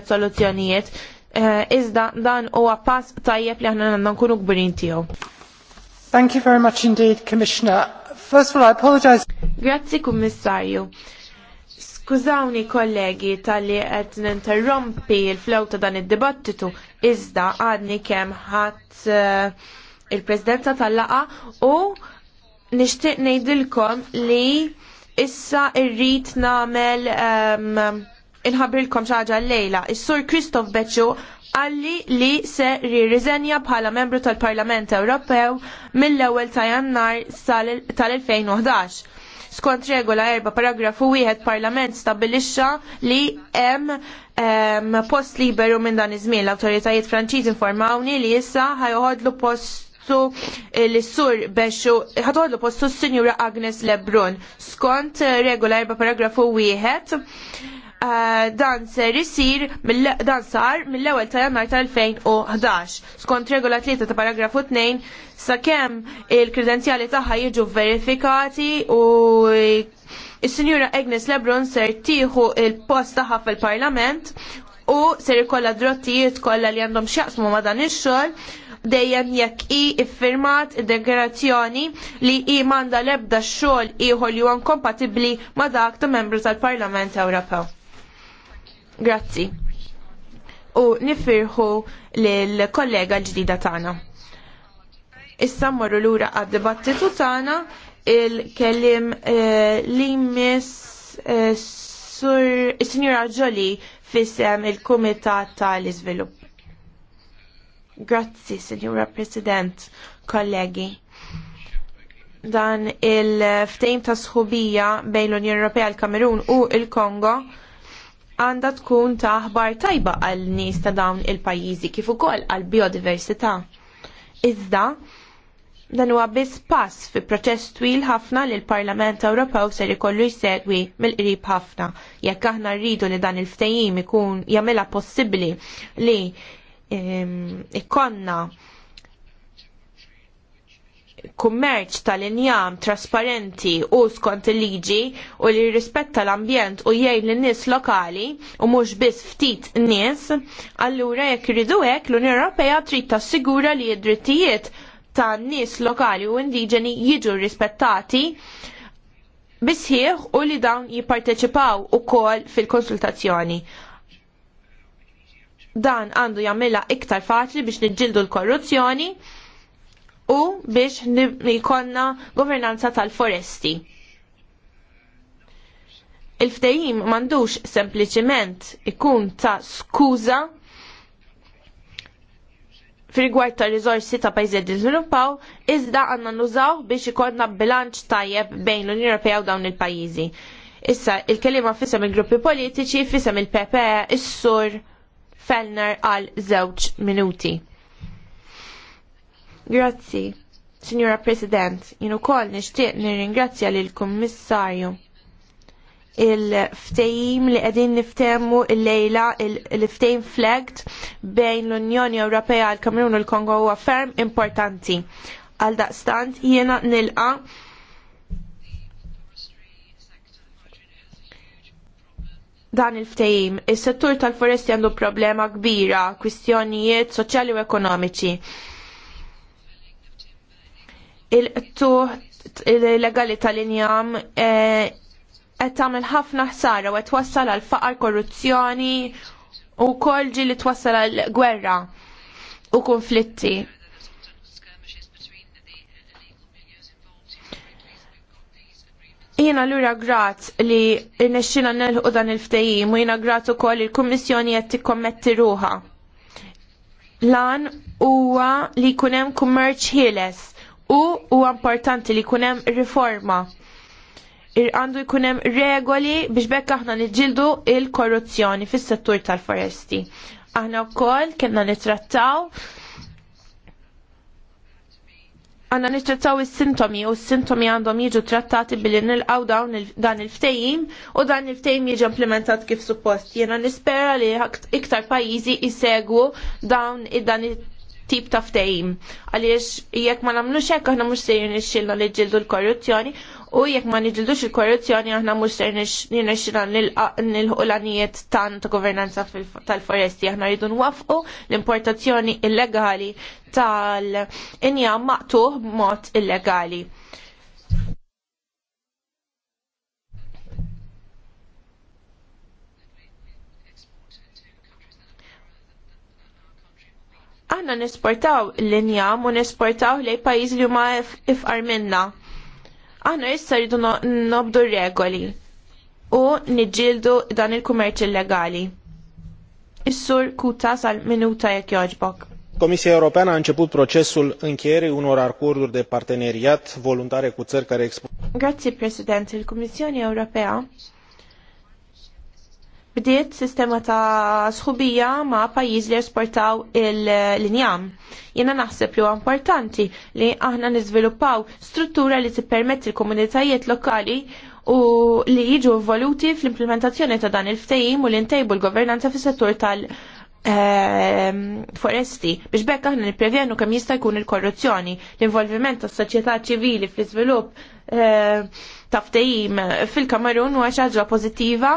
soluzzjonijiet. Eh, iżda dan huwa pass tajjeb li aħna għandna nkunu gburin tiegħu. Thank you very much indeed, Commissioner. First of all, I apologize. Grazzi, Kummissarju. Skużawni kollegi tal-li qed ninterrompi l-flow ta' dan id-dibattitu iżda għadni kemm ħat eh, il-Presidenza tal-laqa u nixtieq ngħidilkom li issa irrit nagħmel ehm, inħabrilkom xaġa l-lejla. Is-sur Kristof Beċu għalli li se rirriżenja bħala membru tal-Parlament Ewropew mill-ewwel ta' jannar tal-2011. Skont regola erba paragrafu wieħed Parlament stabilixxa li hemm post liberu minn dan iż-żmien. L-awtoritajiet Franċiż informawni li issa ħajoħodlu post postu eh, l-sur beċu, ħatodlu postu s-Sinjura Agnes Lebrun. Skont regola erba paragrafu wieħed, Eh, dan ser isir dan sar mill-ewwel ta' jannar tal-2011 skont regola 3 ta' paragrafu 2 sakemm il-kredenzjali tagħha jiġu verifikati u il sinjura Agnes Lebron ser tiħu il-post tagħha fil-Parlament u ser ikolla drottijiet kollha li għandhom x'jaqsmu ma' dan ix-xogħol dejjem jekk i iffirmat deklarazzjoni li i manda lebda xogħol ieħor li huwa kompatibbli ma' dak ta' membru tal-Parlament Ewropew. Grazzi. U nifirħu l-kollega l-ġdida tagħna. Issa morru lura għad-dibattitu tagħna il-kellim eh, li miss eh, sur Signora Ġoli fissem il-Kumitat tal-Iżvilupp. Grazzi, Signora President, kollegi dan il-ftejm ta' sħubija bejn l-Unjoni Ewropea l-Kamerun u l-Kongo għandha tkun ta' aħbar tajba għal nies ta' dawn il-pajjiżi kif ukoll għal biodiversità. Iżda dan huwa biss pass fi proċess twil ħafna li l-Parlament Ewropew ser ikollu jsegwi mill-qrib ħafna. Jekk aħna rridu li dan il-ftehim ikun jagħmilha possibbli li ehm, ikonna kummerċ tal-injam trasparenti u skont il-liġi u li rispetta l-ambjent u jgħin l-nis lokali u mhux biss ftit nies, allura jekk iridu hekk l-Unjoni Ewropea trid tassigura li d-drittijiet tan nies lokali u indiġeni jiġu rispettati bisħieħ u li dawn jipparteċipaw ukoll fil-konsultazzjoni. Dan għandu jagħmilha iktar faċli biex niġġieldu l-korruzzjoni u biex jkollna governanza tal-foresti. Il-ftehim mandux sempliciment ikun ta' skuza fil-rigward ta' rizorsi ta' pajzi diżviluppaw, iżda għanna nużaw biex ikonna bilanċ tajjeb bejn l-Unjoni Ewropea u dawn il-pajjiżi. Issa, il-kelima fissam il-gruppi politiċi, fissam il-PPE, is-sur Fellner għal żewġ minuti. Grazzi, Signora President, jien ukoll nixtieq nirringrazzja l-Kommissarju il-ftejim li għedin niftemmu il-lejla il-ftejim flagged bejn l-Unjoni Ewropea l kamerun u l-Kongo huwa ferm importanti. Għal daqstant jiena nilqa dan il-ftehim. Is-settur tal-foresti għandu problema kbira, kwistjonijiet soċjali u ekonomiċi il legalità illegali tal-injam eh, qed tagħmel ħafna ħsara u qed twassal għal faqar korruzzjoni u wkoll li twassal għal gwerra u konflitti. Jiena ura grat li nexxina nelħu dan il-ftehim u jiena grat ukoll il-Kummissjoni qed tikkommetti ruha. Lan huwa li jkun hemm kummerċ ħieles u huwa importanti li jkun hemm riforma għandu jkunem regoli biex bekk aħna niġġildu il-korruzzjoni fis-settur tal-foresti. Aħna wkoll kellna nitrattaw għanna nittrattaw is-sintomi u s-sintomi għandhom jiġu trattati billi nil dawn dan il-ftejim u dan il-ftejim jiġu implementat kif suppost. Jena nispera li iktar pajjiżi jisegwu dawn id-dan tip ta' ftehim. Għaliex jekk ma nagħmlux hekk aħna mhux se jirnexxilna li ġildu l-korruzzjoni u jekk ma niġildux il-korruzzjoni aħna mhux se l nilħulanijiet tan ta' governanza tal-foresti aħna rridu nwafqu l-importazzjoni illegali tal-injam maqtuħ b'mod illegali. Aħna nesportaw l-injam u nesportaw lej pajiz li huma ifqar minna. Aħna issa rridu nobdu regoli u niġġieldu dan il-kummerċ illegali. Is-sur kuta sal-minuta jekk jogħġbok. Komisja Europeană a început procesul încheierii unor acorduri de parteneriat voluntare cu țări care exportă. Grazie, Presidente. Il Commissione Ewropea bdiet sistema ta' sħubija ma' pajjiż li esportaw il-linjam. Jena naħseb li huwa importanti li aħna niżviluppaw struttura li tippermetti l-komunitajiet lokali u li jiġu involuti fl-implementazzjoni ta' dan il-ftehim u li ntejbu l-governanza fis-settur tal- ehm, foresti biex bekk aħna nipprevjenu kemm jista' jkun il-korruzzjoni, l-involviment tas-soċjetà ċivili fl-iżvilupp ehm, taftejim fil-Kamerun huwa xi ħaġa pozittiva,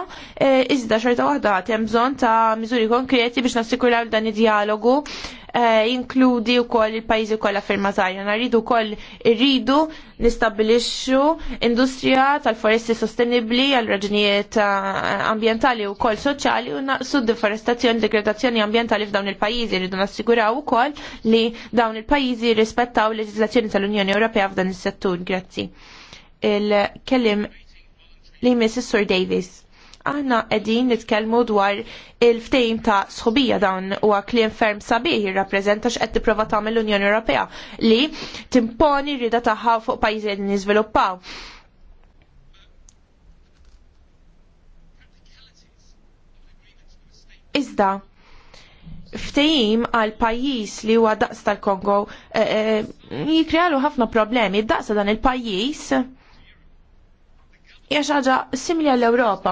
e, iżda xorta waħda hemm bżonn ta' miżuri konkreti biex nassikuraw dan id-dialogu e, u wkoll il-pajjiżi kollha firmatarja. Naridu wkoll irridu nistabilixxu industrija tal-foresti sostenibbli għal raġunijiet e, ambjentali u koll soċjali u naqsu deforestazzjoni degradazzjoni ambjentali f'dawn il-pajjiżi rridu nassiguraw ukoll li dawn il-pajjiżi rispettaw l tal-Unjoni Ewropea f'dan is-settur. Grazzi il-kellim li Mrs. Sir sur Davis. Aħna qegħdin nitkellmu dwar il-ftehim ta' sħubija dawn huwa kliem ferm sabiħ jirrappreżenta x'qed tipprova tagħmel l-Unjoni Ewropea li timponi rida tagħha fuq pajjiżi li niżviluppaw. Iżda, ftejim għal pajis li huwa daqs tal-Kongo eh, eh, jikrealu ħafna problemi. Daqs dan il-pajis hija ħaġa simili għall-Ewropa.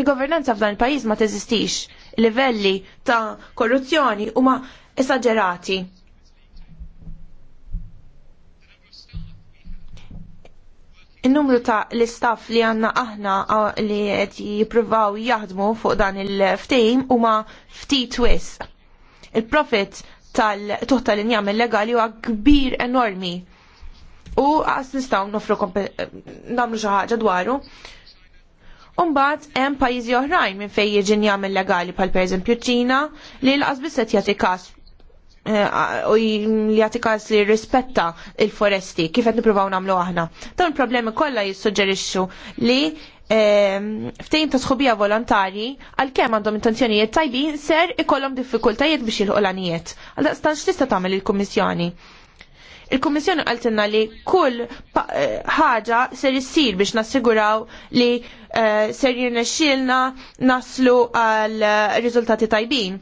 Il-governanza f'dan il-pajjiż ma teżistix. Livelli ta' korruzzjoni huma esagerati. Il-numru ta' l-istaff li għanna aħna li qed jippruvaw jaħdmu fuq dan il-ftehim huma ftit wisq. Il-profit tal-tuħta li njagħmel illegali huwa kbir enormi u għas nistgħu nofru eh, nagħmlu xi ħaġa dwaru. Umbat hemm pajjiżi oħrajn minn fejn jiġin jagħmel legali bħal pereżempju ċina li l-qas biss qed jagħti każ eh, u jagħti każ li rispetta il-foresti kif qed nippruvaw nagħmlu aħna. Dawn il-problemi kollha jissuġġerixxu li eh, ftejn ta' sħubija volontari għalkemm għandhom intenzjonijiet tajbin ser ikollhom diffikultajiet biex jilħu l-għanijiet. Għaldaqstan x'tista' tagħmel il-Kummissjoni? il kommissjoni għaltinna li kull eh, ħaġa ser issir biex nassiguraw li eh, ser jirnexxilna naslu għal eh, riżultati tajbin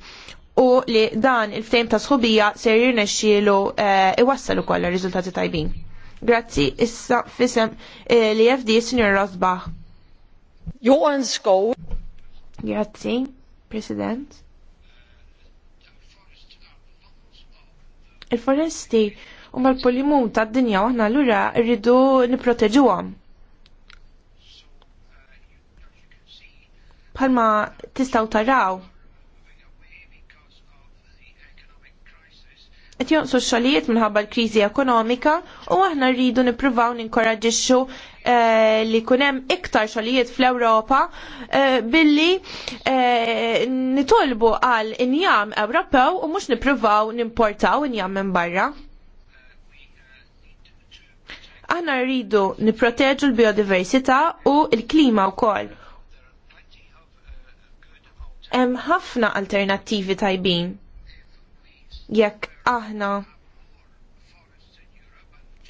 u li dan il-ftejm ta' sħubija ser jirnexxielu iwassal ukoll riżultati tajbin. Grazzi, issa fisem li FD Sr. Rosbach. Johan Skow. Grazzi, President. Il-foresti u mal-polimun ta' dinja u aħna l-ura rridu għam. Palma tistaw taraw. Et jonqsu x-xogħlijiet minħabba l-kriżi ekonomika u aħna rridu nippruvaw ninkoraġixxu eh, li kunem hemm iktar xogħlijiet fl-Ewropa eh, billi eh, nitolbu għal injam Ewropew u mhux nippruvaw nimportaw injam minn barra. Aħna rridu nipproteġu l-biodiversità u l-klima wkoll. Hemm ħafna alternattivi tajbin. Jekk aħna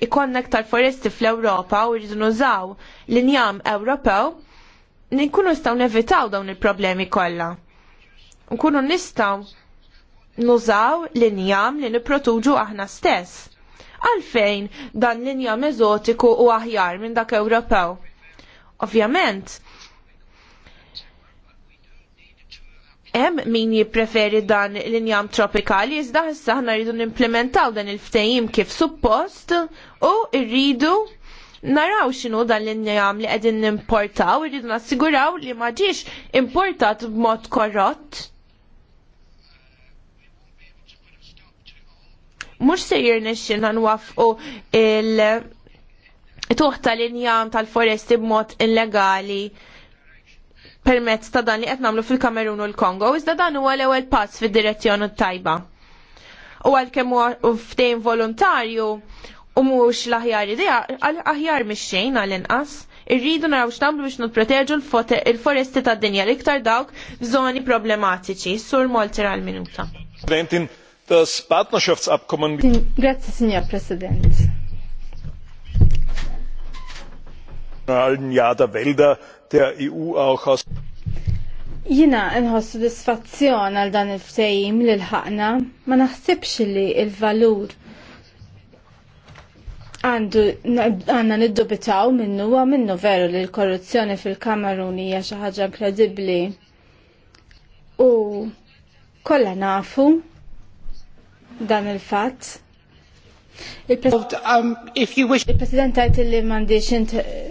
ikonna aktar foresti fl-Ewropa u rridu nużaw l-injam Ewropew, ninkunu nistgħu nevitaw dawn il-problemi kollha. Nkunu nistgħu nużaw l-injam li nipprotuġu aħna stess għalfejn dan linja meżotiku u aħjar minn dak Ewropew. Ovvjament, hemm min jippreferi dan l-injam tropikali, iżda issa aħna rridu n-implementaw dan il-ftehim kif suppost u rridu naraw xinu dan l-injam li qegħdin nimportaw, rridu nassiguraw li ma ġiex importat b'mod korrott. mhux se jirnexxinha nwafqu il- tuħ tal-injam tal-foresti b'mod illegali permezz ta' dan li qed nagħmlu fil-Kamerun u l-Kongo, iżda dan huwa l-ewwel pass fid-direzzjoni tajba. U għalkemm huwa ftehim volontarju u mhux l-aħjar idea, aħjar mix-xejn għall-inqas irridu naraw x'tamlu biex nipproteġu l-foresti tad-dinja l-iktar dawk f'żoni problematiċi. Sur Molter għal-minuta. Das Partnerschaftsabkommen mit Grazie, signor President. Jahr der Wälder der EU auch aus Jina soddisfazzjon għal dan il-ftejim li l-ħakna, ma naħsibx li il-valur għandu għanna niddubitaw minnu għu minnu veru li l-korruzzjoni fil-Kamerun hija xi ħaġa inkredibbli u kollha nafu dan il fat um, Il-President għajt li mandiċ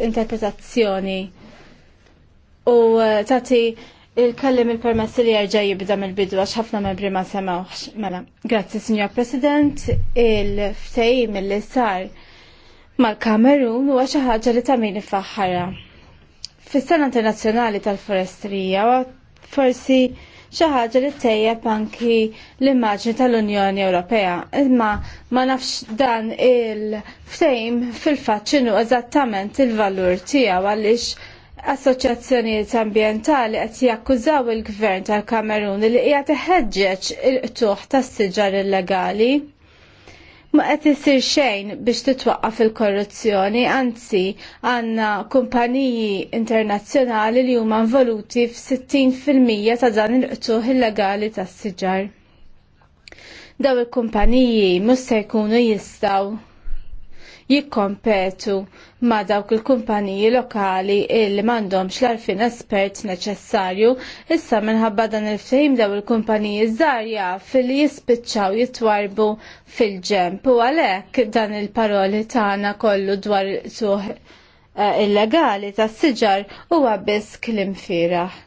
interpretazzjoni u uh, tati il kallim il-permessi li jarġa jibda mill-bidu għax ħafna membri ma semawx. Mela, grazzi Signor President, il-ftej mill-li sar mal-Kamerun u għaxa ħagġa li tamini faħħara. Fis-sena internazzjonali tal-forestrija, forsi xi ħaġa li tejjeb anki l-immaġni tal-Unjoni Ewropea. Imma ma nafx dan il-ftejm fil-fatt x'inhu eżattament il-valur tiegħu għaliex assoċjazzjonijiet ambjentali qed jakkużaw il-gvern tal-Kamerun li qiegħed iħeġġeġ il-qtuħ tas-siġar illegali ma qed isir xejn biex titwaqqaf il-korruzzjoni, anzi għandna kumpaniji internazzjonali li huma involuti f'60% ta' dan il-qtuħ illegali tas-siġar. Daw il-kumpaniji mhux se jkunu jistgħu jikkompetu ma' dawk il-kumpaniji lokali il m'għandhomx l-arfin espert neċessarju, issa minħabba dan il fejm daw il-kumpaniji żgħar fil jispiċċaw jitwarbu fil-ġemp u għalhekk dan il-paroli tagħna kollu dwar suħ eh, illegali tas siġar huwa biss klim firaħ.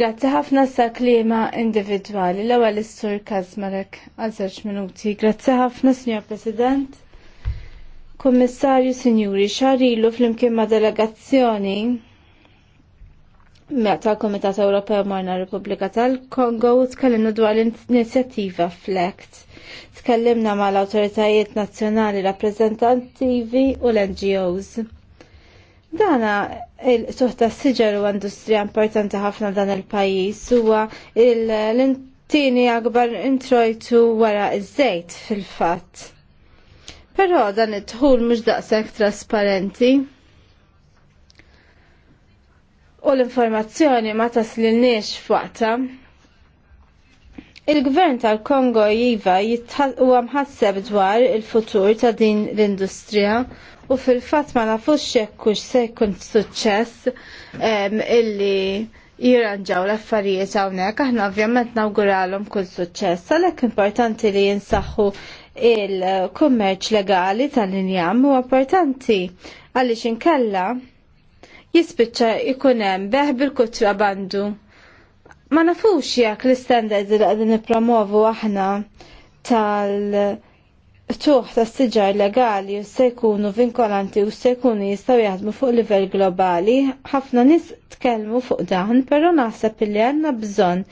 Grazzi ħafna sa klima individwali l-ewwel is-sur Kazmarek għal minuti. Grazzi ħafna, Signor President. Kommissarju Sinjuri xarilu fl-imkien ma' delegazzjoni meta l-Komitat Ewropew marna Repubblika tal-Kongo u tkellimna dwar l-inizjattiva FLECT. Tkellimna ma' l-autoritajiet nazzjonali rappresentativi u l-NGOs. Dana il-soħta s-siġar u industrija importanti ħafna dan il-pajis huwa l tini akbar introjtu wara iż-żejt fil-fatt. Però dan it-tħul mhux daqshekk trasparenti. U l-informazzjoni ma taslilniex f'waqta. Il-gvern tal-Kongo jiva huwa mħasseb dwar il-futur ta' din l-industrija u fil-fatt ma nafux xekkux se jkun suċċess illi jirranġaw l-affarijiet hawnhekk aħna ovvjament nawguralhom kull suċċess għalhekk importanti li jinsaħħu il-kummerċ legali tal-injam u importanti għaliex inkella jispiċċa ikun hemm beħ bil bandu. Ma nafux jekk l-istandards li qegħdin nippromovu aħna tal- tuħ ta' siġar legali u se jkunu vinkolanti u se jkunu jistaw jaħdmu fuq livell globali, ħafna nis tkellmu fuq dan, pero naħseb illi għanna bżon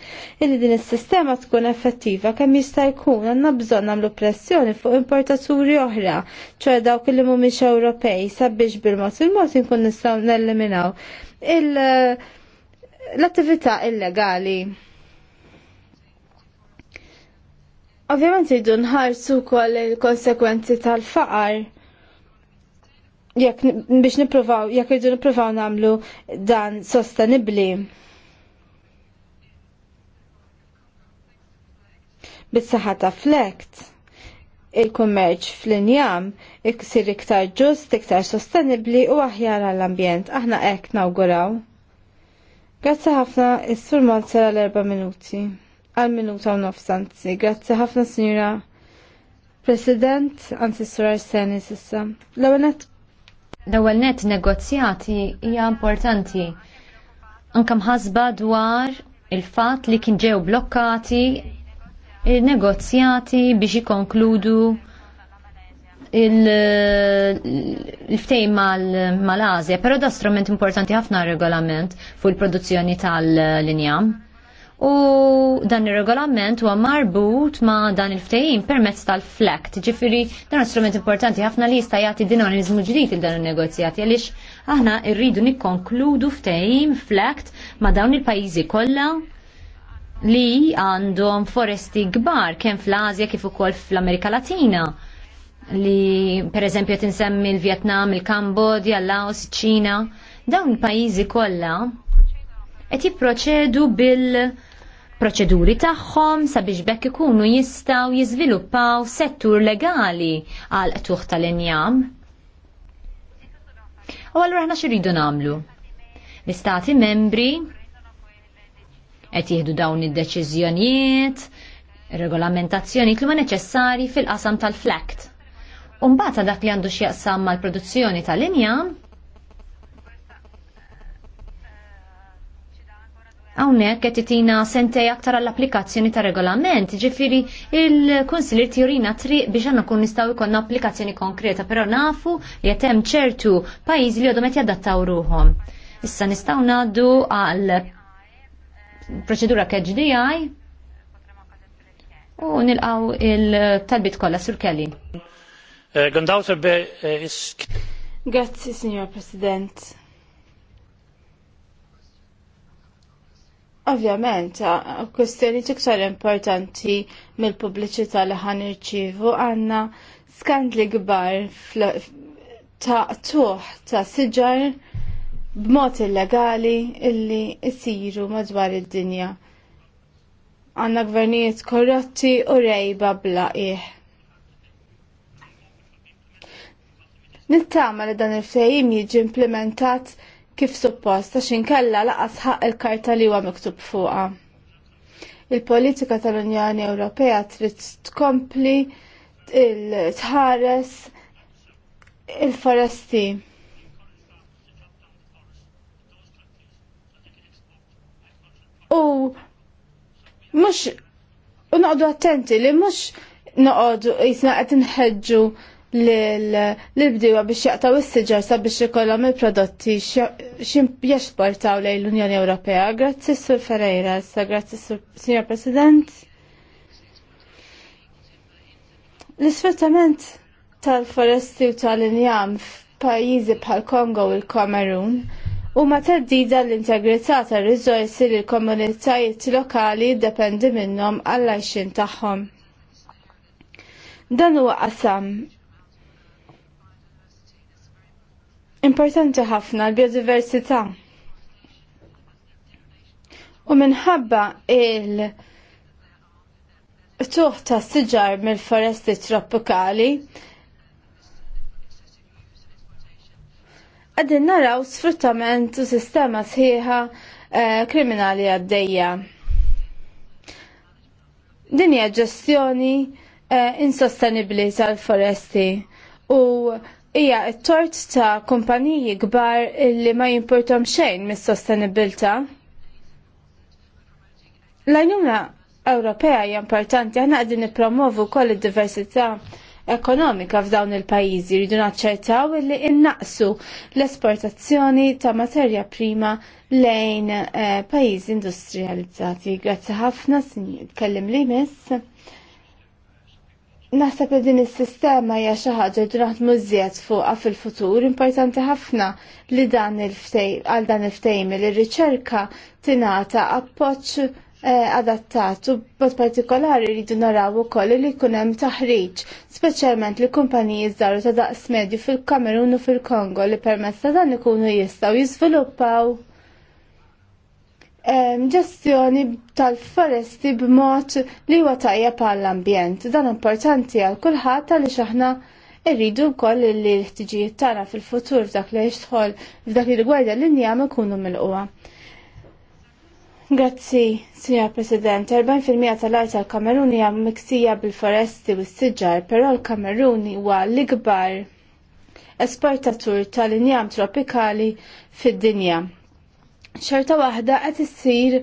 illi din is-sistema tkun effettiva kemm jista' jkun għanna bżon nagħmlu pressjoni fuq importaturi oħra, ċoħe dawk li mhumiex Ewropej sabiex bil-mod il-mod jinkun nistgħu neliminaw l-attività illegali. Ovvjament jiddu nħarsu kol il-konsekwenzi tal-faqar. Jekk biex nipruvaw, jekk jiddu nipruvaw namlu dan sostenibli. Bissaħa ta' flekt il-kummerċ fl-injam iksir iktar ġust, iktar sostenibli u aħjar għall-ambjent. Aħna hekk nawguraw. Grazzi ħafna, is-sur Malzer għal erba' minuti għal minuta u nofsanzi. Grazzi ħafna sinjura President, anzi Sur s sissa. l għalnet L-ewwel net negozjati hija importanti. Anke mħasba dwar il-fatt li kien ġew blokkati il-negozjati biex jikonkludu il-ftej mal-Azja, pero da strument importanti ħafna regolament fuq il-produzzjoni tal-linjam u dan ir-regolament huwa marbut ma' dan il-ftehim permezz tal-flekt. Ġifieri dan strument importanti ħafna li jista' jagħti dinamizmu ġdid il dan in-negozjati għaliex aħna rridu nikkonkludu ftehim flekt ma' dawn il-pajjiżi kollha li għandhom foresti kbar kemm fl-Asja kif ukoll fl-Amerika Latina li per eżempju qed insemmi l-Vjetnam, il-Kambodja, l-Laos, ċina, dawn il-pajjiżi kollha qed jipproċedu bil- proċeduri tagħhom sabiex bekk ikunu jistgħu jiżviluppaw settur legali għal qtuħ tal-injam. U allura aħna x'iridu nagħmlu? L-istati membri qed jieħdu dawn id-deċiżjonijiet, regolamentazzjoni li huma neċessari fil-qasam tal-flekt. Umbata dak li għandu x'jaqsam mal-produzzjoni tal-injam, Hawnhekk qed titina sentej aktar għall-applikazzjoni ta' regolament, ġifieri il-Kunsilir tjurina triq biex għandna kun nistgħu jkollna applikazzjoni konkreta, però nafu li qed hemm ċertu pajjiżi li għadhom qed jadattaw ruhom. Issa nistgħu ngħaddu għal proċedura KGDI u nilqaw il-talbit kollha sur Kelly. Eh, eh, Grazzi, signor President. Ovvjament, kustjoni tiktar importanti mill-pubbliċità li ħan irċivu għandna skandli kbar ta' tuħ ta' siġar b'mod illegali illi jsiru madwar id-dinja. Għandna gvernijiet korrotti u rejba bla iħ. Nittama li dan il-fejim jiġi implementat kif suppost għax inkella laqas ħaq il-karta li huwa miktub fuqha. Il-politika tal-Unjoni Ewropea trid tkompli il-tħares il-foresti. U mhux u noqogħdu attenti li mhux noqogħdu jisna qed inħeġġu l-bdiwa biex jaqtaw is-siġar sabiex ikollhom il-prodotti jesportaw lejn l-Unjoni Ewropea. Grazzi Sur Ferreira, sa grazzi Signor President. L-isfruttament tal-foresti u tal-injam f'pajjiżi bħal Kongo u l-Kamerun huma teddida l-integrità tar-riżorsi li l-komunitajiet lokali jiddependi minnhom għall-għajxin tagħhom. Dan huwa qasam importanti ħafna l-biodiversità. U minħabba il- tuħ ta' siġar mill-foresti tropikali għadin naraw sfruttament u sistema sħiħa eh, kriminali għaddejja. Din hija ġestjoni eh, insostenibli tal-foresti u hija t-tort ta' kumpaniji kbar li ma jimportom xejn mis-sostenibilità. L-għajnuna Ewropea hija importanti aħna qegħdin nippromovu wkoll id-diversità ekonomika f'dawn il-pajjiżi rridu naċċertaw li innaqsu l-esportazzjoni ta' materja prima lejn eh, pajjiżi industrializzati. Grazzi ħafna, kellim li miss. Naħseb li din is-sistema hija xi ħaġa li naħdmu żjed fuqha fil-futur importanti ħafna li dan il-ftej għal dan il ftejm li riċerka tingħata appoġġ eh, adattat u b'mod partikolari rridu naraw ukoll li jkun hemm taħriġ, speċjalment li kumpaniji żdaru ta' daqs medju fil-Kamerun u fil-Kongo li permezz ta' dan ikunu jistgħu jiżviluppaw ġestjoni tal-foresti b'mod li huwa tajjeb għall-ambjent. Dan importanti għal kulħadd għaliex aħna irridu wkoll li l-ħtiġijiet tara fil-futur f'dak li jidħol f'dak li rigwarda l-injam ikunu milquha. Grazzi, Signor President, 40% tal-art tal kameruni hija miksija bil-foresti u s-siġar, però l kameruni huwa l-ikbar esportatur tal-injam tropikali fid-dinja xorta waħda qed issir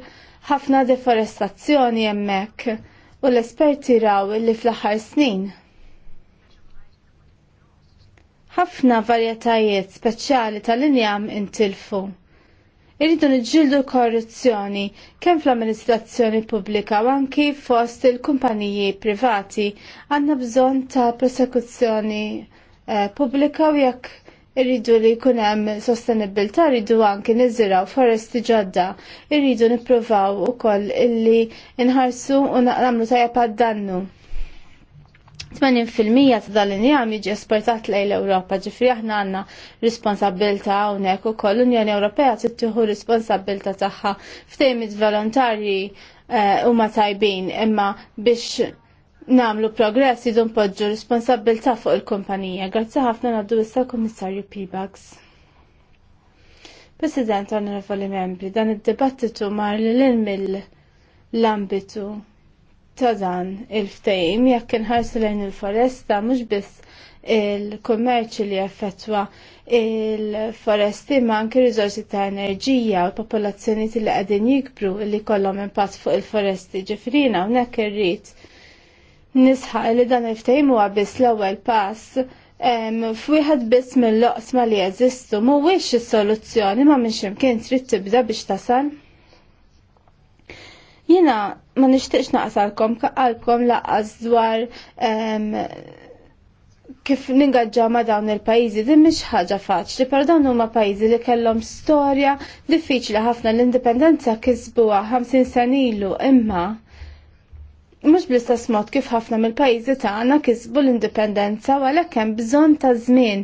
ħafna deforestazzjoni hemmhekk u l-esperti raw li fl-aħħar snin. Ħafna varjetajiet speċjali tal-injam intilfu. Irridu niġġieldu korruzzjoni kemm fl-amministrazzjoni pubblika u anki fost il-kumpaniji privati għandna bżonn ta' prosekuzzjoni eh, pubblika u jekk irridu li jkun hemm sostenibilità, rridu anki niżiraw foresti ġodda, irridu nippruvaw ukoll illi nħarsu u nagħmlu tajjeb għad-dannu. 80% ta' dan l-injam jiġi esportat lejn l-Ewropa, ġifri aħna għandna responsabilta hawnhekk ukoll l-Unjoni Ewropea tittieħu responsabilta tagħha f'tejmit volontarji eh, huma tajbin imma biex namlu progress jidun npoġġu responsabilta fuq il-kumpanija. Grazzi ħafna naddu issa l-Kummissarju Pibax. President onorevoli membri, dan id-dibattitu mar l-lin mill-ambitu ta' dan il-ftejim jekk inħarsu lejn il-foresta mhux biss il-kummerċi li effettwa il-foresti ma anke riżorsi ta' enerġija u popolazzjoni li qegħdin jikbru li kollhom impatt fuq il-foresti ġifrina hawnhekk irrid nisħaq li dan il għabis biss l-ewwel pass fwiħad biss mill-loqsma li jeżistu mhuwiex is-soluzzjoni ma' minn x'imkien trid tibda biex tasal. Jiena ma nishtiqx naqsalkom kaqalkom laqqas dwar kif ningaġġa ma dawn il-pajizi din mhix ħaġa faċli, per dawn huma pajjiżi li kellhom storja diffiċli ħafna l-indipendenza kisbuha 50 sen ilu imma mhux bl-istess mod kif ħafna mill-pajjiżi tagħna kisbu l-indipendenza u għalhekk hemm bżonn ta' żmien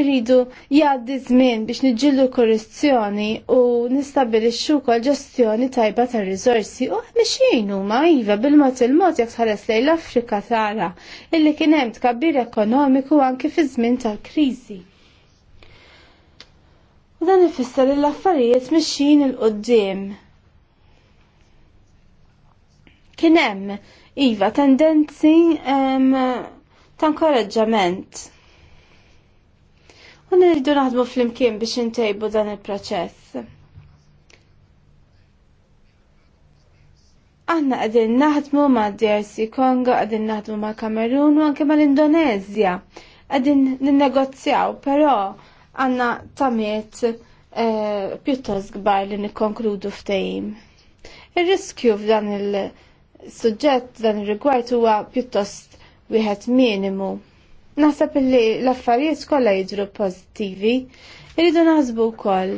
irridu jgħaddi żmien biex niġġieldu korruzzjoni u nistabbilixxu wkoll ġestjoni tajba tar-riżorsi u mixjin huma iva bil-mod il-mod jekk tħares lejn l-Afrika tara illi kien hemm tkabbir ekonomiku anke fi żmien tal-kriżi. U dan ifisser li l-affarijiet mixin il-qoddim kien hemm Iva, tendenzi ta' inkoraġġament. U nirridu naħdmu fl-imkien biex intejbu dan il-proċess. Aħna għadin naħdmu ma' DRC Kongo, għadin naħdmu ma' Kamerun u anke ma' l-Indonezja. Għadin ninnegozjaw, pero għanna tamiet eh, pjuttost gbar li nikkonkludu ftejim. Ir-riskju f'dan il- suġġett dan ir-rigward huwa pjuttost wieħed minimu. Naħseb li l-affarijiet kollha jiġru pożittivi, irridu naħsbu wkoll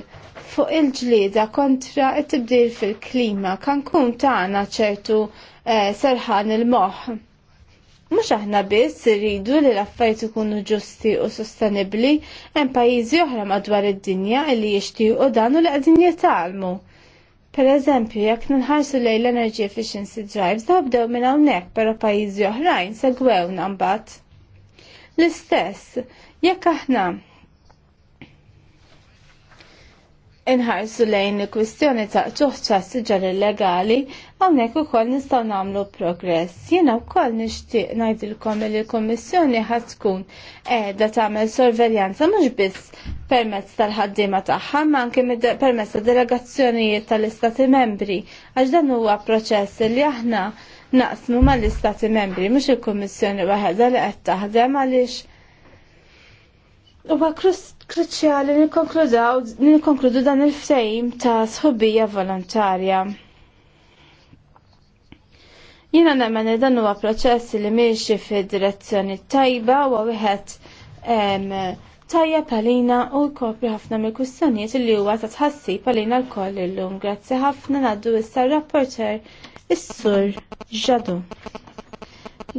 fuq il-ġlieda kontra t-tibdil fil-klima kan kun tagħna ċertu eh, serħan il-moħħ. Mhux aħna biss irridu li l-affarijiet ikunu ġusti u sostenibbli hemm pajjiżi oħra madwar id-dinja li jixtiequ dan u li qegħdin jitgħalmu. Per eżempju, jekk nħarsu lejn l-Energy Efficiency Drives, nabdew minn hawnhekk, però pajjiżi oħrajn segwewna mbagħad. L-istess, jekk aħna inħarsu lejn kwistjoni ta' ċuħċa sġar illegali, għonek u koll nistaw namlu progress. Jena u koll nishtiq najdilkom li l-Kommissjoni ħatkun edha tagħmel sorveljanza mhux biss permezz tal-ħaddiema tagħha, ma anke permezz ta' delegazzjonijiet tal-Istati Membri, għax dan huwa proċess li aħna naqsmu mal-Istati Membri, mhux il-Kummissjoni waħedha li qed taħdem għaliex huwa krust kruċjali nikkonkludu dan il fsejm ta' sħubija volontarja. Jina nemmen dan huwa proċess li miexi fid-direzzjoni tajba u wieħed tajja palina u kopri ħafna mill kustanijiet li huwa ta' tħassi palina l-koll illum. Grazzi ħafna naddu issa rapporter is-sur Ġadu.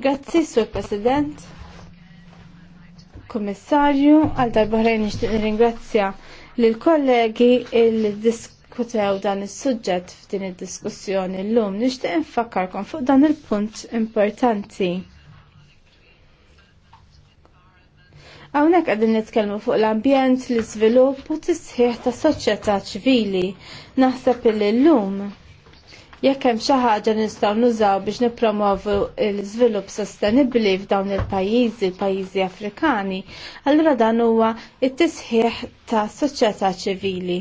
Grazzi, Sur President. Kummissarju, għal darbohrejn nixtieq nirringrazzja lil kollegi li diskutew dan is-suġġett f'din id-diskussjoni llum nixtieq infakkarkom fuq dan il-punt importanti. Hawnhekk qegħdin nitkellmu fuq l-ambjent, l-iżvilupp u t-tisħiħ tas soċjetà ċivili. Naħseb illum jekk hemm xi ħaġa nistgħu nużaw biex nippromovu l-iżvilupp sostenibbli f'dawn il-pajjiżi, pajjiżi Afrikani, allura dan huwa t-tisħiħ ta' soċjetà ċivili.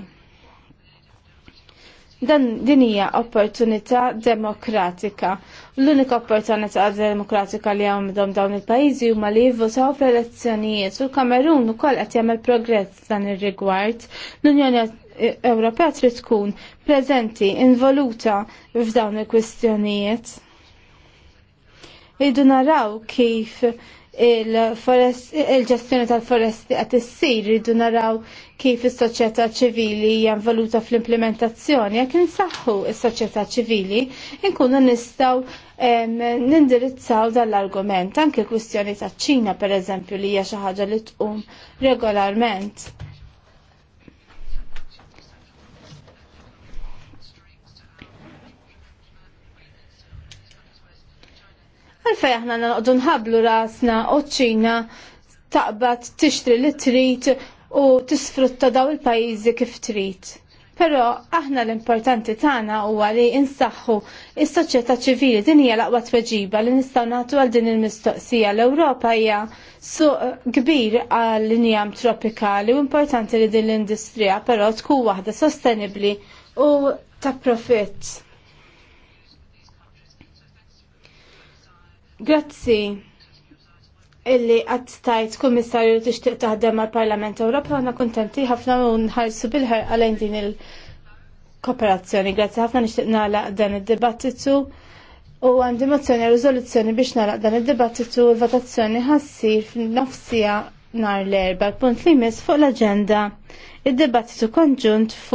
Dan din hija opportunità demokratika. L-unika opportunità demokratika li għamdhom dawn il-pajjiżi huma li jivvotaw fl-elezzjonijiet u l-Kamerun ukoll qed jagħmel progress dan ir-rigward. L-Unjoni Ewropea trid tkun preżenti, involuta f'dawn il-kwistjonijiet. Idu naraw kif il-ġestjoni tal-foresti qed issir, idu naraw kif is-soċjetà ċivili hija involuta fl-implementazzjoni, jekk insaħħu is-soċjetà ċivili, inkunu nistgħu nindirizzaw dan l-argument anke kwistjoni taċ-Ċina pereżempju li hija xi ħaġa li tqum regolarment Għalfej aħna naqdu nħablu rasna u ċina taqbad tixtri li trid u tisfrutta daw il-pajjiżi kif trid. Però aħna l-importanti tagħna huwa li insaxħu is-soċjetà ċivili din hija l-aqwa tweġiba li nistgħu nagħtu għal din il-mistoqsija. L-Ewropa hija suq kbir għal injam tropikali u importanti li din l-industrija però tkun waħda sostenibbli u ta' profitt. Grazzi illi għad stajt komissarju tixtieq taħdem mal parlament Ewropew għandna kuntenti ħafna u nħarsu bil għalajn din il-kooperazzjoni. Grazzi ħafna nixtieq nagħlaq dan id-dibattitu u għandi mozzjoni riżoluzzjoni biex nagħlaq dan id-dibattitu u votazzjoni ħassir f'nafsija nhar l-erba' punt li jmiss fuq l-aġenda id-dibattitu konġunt fuq